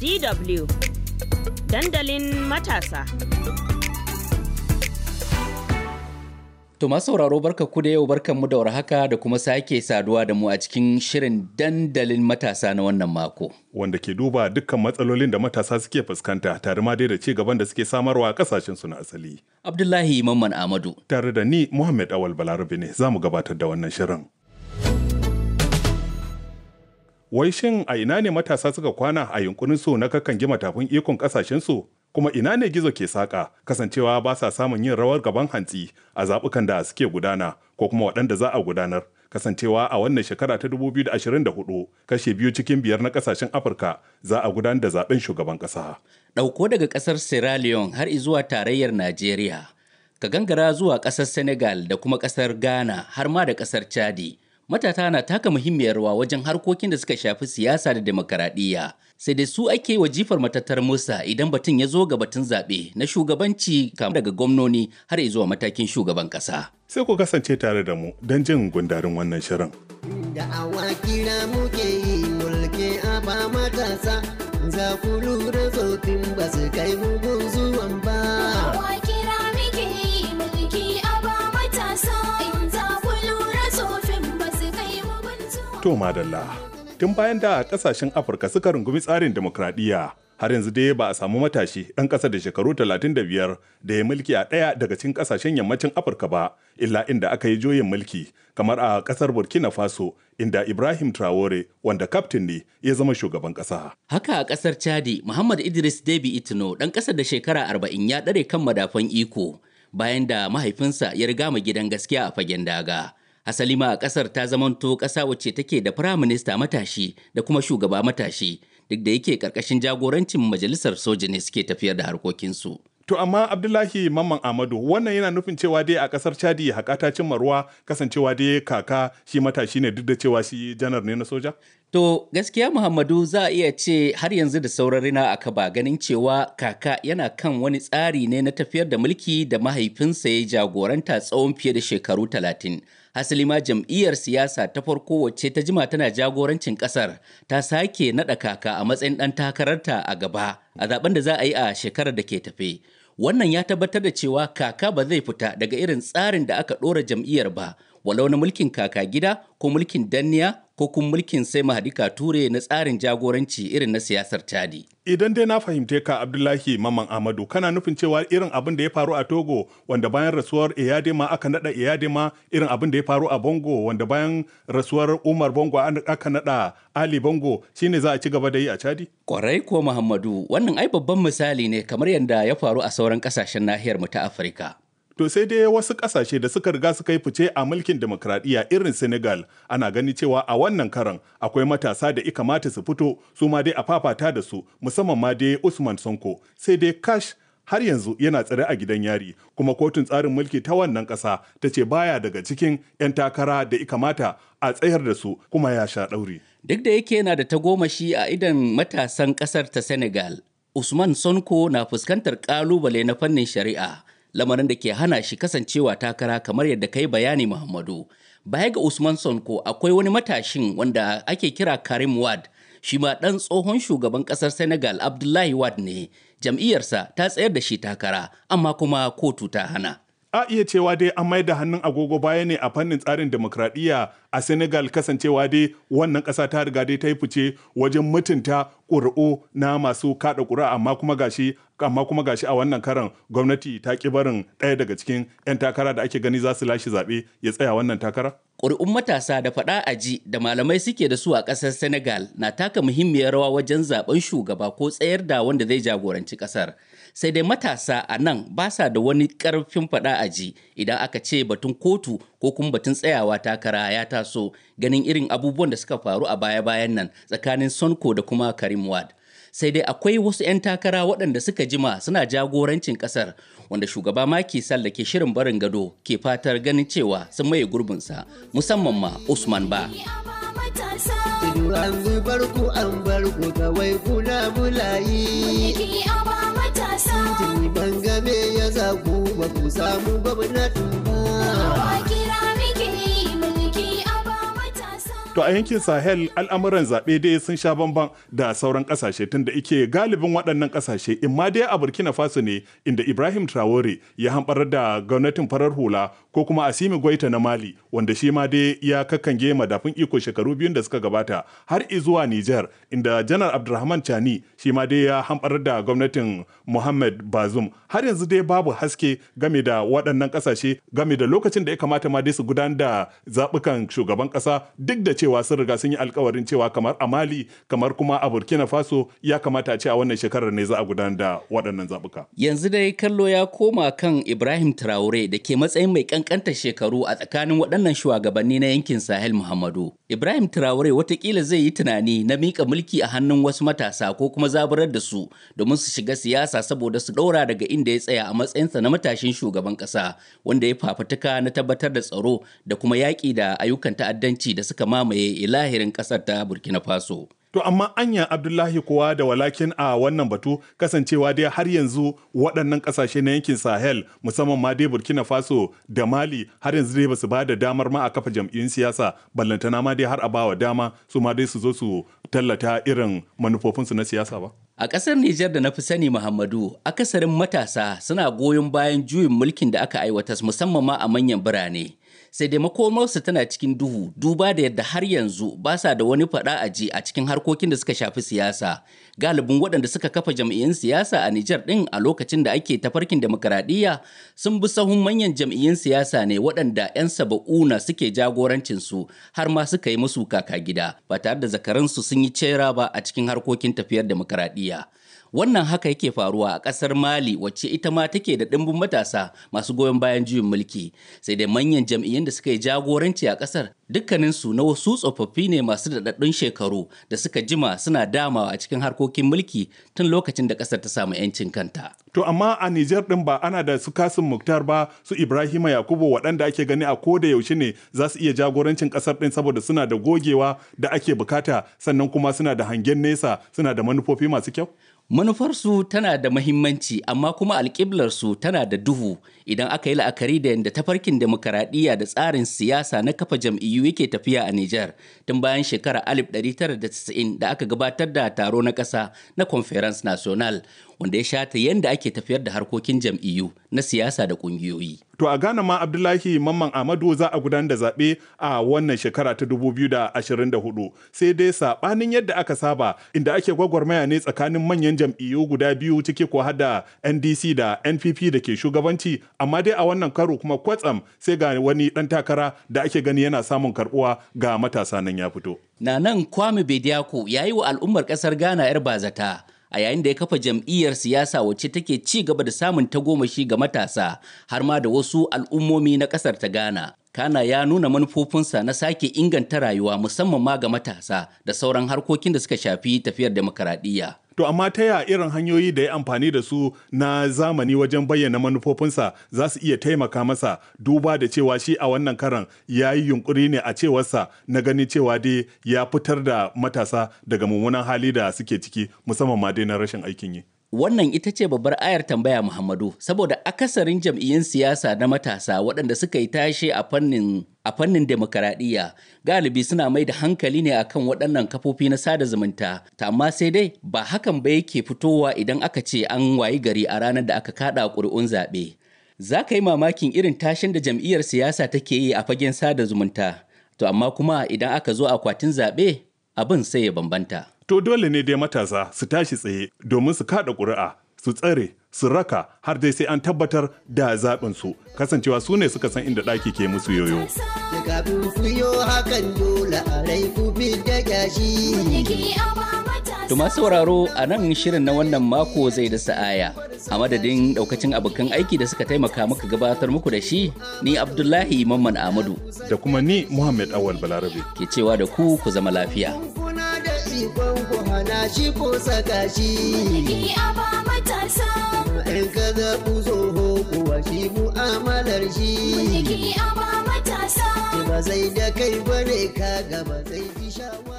DW dandalin matasa. To masu sauraro barka ku da yau barkan mu da warhaka da kuma sake saduwa da mu a cikin shirin dandalin matasa na wannan mako. Wanda ke duba dukkan matsalolin da matasa suke fuskanta tare ma dai da ci gaban da suke samarwa a kasashen su na asali. Abdullahi Mamman Amadu. Tare da ni Muhammad Awal Balarabe ne za mu gabatar da wannan shirin. wai shin a ina ne matasa suka kwana a yunkurin su na kakan gima matafin ikon kasashen su kuma ina ne gizo ke saka kasancewa ba sa samun yin rawar gaban hantsi a zabukan da suke gudana ko kuma waɗanda za a gudanar kasancewa a wannan shekara ta 2024 kashe biyu cikin biyar na kasashen afirka za a gudanar da zaben shugaban ƙasa. ɗauko daga ƙasar sierra leone har zuwa tarayyar najeriya ka gangara zuwa ƙasar senegal da kuma ƙasar ghana har ma da ƙasar chadi matata na taka muhimmiyar rawa wajen harkokin da suka shafi siyasa da demokaradiyya sai dai su ake wa jifar matattar musa idan batun ya zo ga batun zaɓe na shugabanci kamar daga gwamnoni har zuwa matakin shugaban ƙasa. sai ku kasance tare da mu don jin gundarin wannan shirin. da awakira muke yi mulke a ba matasa za ku lura ba su kai mugun zuwan ba To madalla, tun bayan da a kasashen Afirka suka rungumi tsarin demokradiyya har yanzu dai ba a samu matashi ɗan ƙasa da shekaru 35 da ya mulki a ɗaya daga cikin ƙasashen yammacin Afirka ba, illa inda aka yi juyin mulki kamar a ƙasar Burkina Faso inda Ibrahim Traore wanda kaftin ne ya zama shugaban ƙasa. Haka a ƙasar Chadi, Muhammad Idris Debi Itno ɗan ƙasa da shekara 40 ya ɗare kan madafan iko bayan da mahaifinsa ya riga mu gidan gaskiya a fagen daga. Asali ma a kasar ta zamanto kasa wacce take da firaminista matashi da kuma shugaba matashi duk da yake karkashin jagorancin majalisar soja ne suke tafiyar da harkokinsu. To amma Abdullahi Mamman Amadu wannan yana nufin cewa dai a kasar Chadi haƙa ta cin ruwa kasancewa dai kaka shi matashi ne duk da cewa shi janar ne na soja? To gaskiya Muhammadu za a iya ce har yanzu da saurarina rina aka ba ganin cewa kaka yana kan wani tsari ne na tafiyar da mulki da mahaifinsa ya jagoranta tsawon fiye da shekaru talatin. hasali ma jam'iyyar siyasa ta farko wacce ta jima tana jagorancin kasar ta sake naɗa kaka a matsayin ɗan takararta a gaba a zaben da za a yi a shekarar da ke tafe wannan ya tabbatar da cewa kaka ba zai fita daga irin tsarin da aka ɗora jam'iyyar ba walau na mulkin kaka gida ko mulkin danniya ko kuma mulkin sai mahadika ture na tsarin jagoranci irin na siyasar chadi idan dai na fahimce ka abdullahi maman amadu kana nufin cewa irin abin da ya faru a togo wanda bayan rasuwar iyadema aka nada iyadema irin abin da ya faru a bongo wanda bayan rasuwar umar bongo aka nada ali bongo shine za a ci gaba da yi a chadi kwarai ko muhammadu wannan ai babban misali ne kamar yadda ya faru a sauran kasashen nahiyar mu ta afirka To sai dai wasu ƙasashe da suka riga suka yi fice a mulkin demokradiyya irin Senegal ana gani cewa a wannan karan akwai matasa da ika mata su fito su ma dai a fafata da su musamman ma dai Usman Sonko sai dai kash har yanzu yana tsare a gidan yari kuma kotun tsarin mulki ta wannan ƙasa ta ce baya daga cikin 'yan takara da ika mata a tsayar da su kuma ya sha ɗauri. Duk da yake yana da tagomashi a idan matasan ƙasar ta Senegal, Usman Sonko na fuskantar ƙalubale na fannin shari'a lamarin da ke hana shi kasancewa takara kamar yadda kai bayani Muhammadu. Baya ga Usman Sonko akwai wani matashin wanda ake kira Karim Wad, shi ma ɗan tsohon shugaban ƙasar Senegal Abdullahi Wad ne, jam'iyyarsa ta tsayar da shi takara, amma kuma kotu ta hana. a iya cewa dai an mai da hannun agogo baya ne a fannin tsarin demokradiyya a Senegal kasancewa dai wannan ƙasa ta riga dai ta yi fice wajen mutunta ƙuri'u na masu kaɗa ƙuri'a amma kuma gashi amma kuma gashi a wannan karan gwamnati ta ki barin ɗaya daga cikin 'yan takara da ake gani za su lashe zaɓe ya tsaya wannan takara? Ƙuri'un matasa da faɗa a ji da malamai suke da su a ƙasar Senegal na taka muhimmiyar rawa wajen zaɓen shugaba ko tsayar da wanda zai jagoranci ƙasar. Sai dai matasa a nan ba sa da wani ƙarfin faɗa a ji idan aka ce batun kotu ko kuma batun tsayawa takara ya ta taso ganin irin abubuwan da suka faru a baya-bayan nan tsakanin Sonko da kuma Karim Wad. Sai dai akwai wasu 'yan takara waɗanda suka jima suna jagorancin ƙasar wanda shugaba Maki sal da ke shirin barin gado ke fatar ganin cewa sun maye gurbinsa musamman ma Usman Ba. ku ya ba ku samu babu na to a yankin sahel al'amuran zaɓe dai sun sha bamban da sauran ƙasashe tunda ike galibin waɗannan ƙasashe in ma dai a burkina faso ne inda ibrahim traore ya hamɓar da gwamnatin farar hula ko kuma asimi goita na mali wanda shi ma dai ya kakange madafin iko shekaru biyun da suka gabata har zuwa Nijar inda janar Abdulrahman Chani shi ma dai ya hambar da gwamnatin Muhammad Bazum har yanzu dai babu haske game da waɗannan ƙasashe game da lokacin da ya kamata ma dai su gudanar da zabukan shugaban ƙasa duk da cewa sun riga sun yi alkawarin cewa kamar a Mali kamar kuma a Burkina Faso ya kamata a ce a wannan shekarar ne za a gudanar da waɗannan zabuka. Yanzu dai kallo ya koma kan Ibrahim Traore da ke matsayin mai ƙanƙantar shekaru a tsakanin waɗannan Wannan shugabanni na yankin Sahel Muhammadu. Ibrahim Traore watakila zai yi tunani na miƙa mulki a hannun wasu matasa ko kuma zaburar da su domin su shiga siyasa saboda su ɗaura daga inda ya tsaya a matsayinsa na matashin shugaban ƙasa wanda ya fafutuka na tabbatar da tsaro da kuma yaƙi da ayyukan ta'addanci da suka mamaye ilahirin ƙasar ta Burkina Faso. To amma anya Abdullahi kowa da walakin a wannan batu kasancewa dai har yanzu waɗannan ƙasashe na yankin Sahel musamman ma dai Burkina Faso da Mali har yanzu dai basu ba da damar ma a kafa jam'iyyun siyasa ballantana ma dai har a bawa dama su ma dai su zo su tallata irin manufofinsu na siyasa ba. A ƙasar Nijar da na fi sani Muhammadu, akasarin matasa suna goyon bayan juyin mulkin da aka aiwatas musamman ma a manyan birane. sai dai makomarsu tana cikin duhu duba da yadda har yanzu ba sa da wani faɗa a ji a cikin harkokin da suka shafi siyasa galibin waɗanda suka kafa jam'iyyun siyasa a Nijar ɗin a lokacin da ake tafarkin demokradiyya sun bi sahun manyan jam'iyyun siyasa ne waɗanda 'yan saba'una suke jagorancin su har ma suka yi musu kaka gida ba tare da zakaransu sun yi cera ba a cikin harkokin tafiyar demokradiyya. Wannan haka yake faruwa a ƙasar Mali wacce ita ma take da ɗimbin matasa masu goyon bayan juyin mulki. Sai dai manyan jam'iyyun da suka yi jagoranci a ƙasar dukkaninsu na wasu tsofaffi ne masu daɗaɗɗun shekaru da suka jima suna damawa a cikin harkokin mulki tun lokacin da ƙasar ta samu 'yancin kanta. To amma a Nijar ɗin ba ana da su Kasim Muktar ba su Ibrahima Yakubu waɗanda ake gani a ko yaushe ne za su iya jagorancin ƙasar ɗin saboda suna da gogewa da ake bukata sannan kuma suna da hangen nesa suna da manufofi masu kyau. Manufarsu tana da mahimmanci amma kuma alƙiblarsu tana da duhu idan aka yi la'akari da yadda tafarkin demokaradiyya da tsarin siyasa na kafa jam'iyyu yake tafiya a Nijar tun bayan shekarar 1990 da aka gabatar da taro na ƙasa na Conference National wanda ya shata yadda ake tafiyar da harkokin jam'iyyu na siyasa da ƙungiyoyi. To a Ghana ma Abdullahi Mamman Amadu za a gudanar da zaɓe a wannan shekara ta 2024 sai dai saɓanin yadda aka saba inda ake gwagwarmaya ne tsakanin manyan jam'iyyu guda biyu ciki ko hada NDC da NPP da ke shugabanci amma dai a wannan karo kuma kwatsam sai ga wani ɗan takara da ake gani yana samun karɓuwa ga matasa nan ya fito. Na nan Kwame Bediako ya yi wa al'ummar ƙasar Ghana 'yar bazata. a yayin da ya kafa jam'iyyar siyasa wacce take ci gaba da samun tagomashi ga matasa har ma da wasu al'ummomi na ƙasar ta Ghana. Kana ya nuna manufofinsa na sake inganta rayuwa musamman ma ga matasa da sauran harkokin da suka shafi tafiyar demokaradiyya. To amma ta ya irin hanyoyi da ya amfani da su na zamani wajen bayyana manufofinsa za su iya taimaka masa duba da cewa shi a wannan karan ya yi yunkuri ne a cewarsa na ganin cewa dai ya fitar da matasa daga mummunan hali da suke ciki musamman ma dai na rashin aikin yi. Wannan ita ce babbar ayar tambaya Muhammadu, saboda akasarin jam'iyyun siyasa na matasa waɗanda suka yi tashe a fannin a demokaradiyya galibi suna mai da hankali ne akan waɗannan kafofi na sada zumunta ta amma sai dai ba hakan ba yake fitowa idan aka ce an wayi gari a ranar da aka kada ƙuri'un zaɓe za ka yi mamakin irin tashin da jam'iyyar siyasa take yi a fagen sada zumunta to amma kuma idan aka zo akwatin zaɓe abin sai ya bambanta To dole ne dai matasa su tashi tsaye domin su kada ƙuri'a, su tsare, su raka har dai sai an tabbatar da zaɓin su kasancewa su ne suka san inda ɗaki ke musu yoyo. To masu sauraro a nan shirin na wannan mako zai da sa'aya. A madadin daukacin abokan aiki da suka taimaka muka gabatar muku da shi ni Abdullahi Mamman ahmadu Da kuma ni Muhammad Awal Balarabe. Ke cewa da ku ku zama lafiya. shi hana shi ko saka shi. a In ka zaɓu tsoho kuwa shi mu'amalar shi. a ba matasa. Ba zai da kai bane ka gaba zai fi shawara.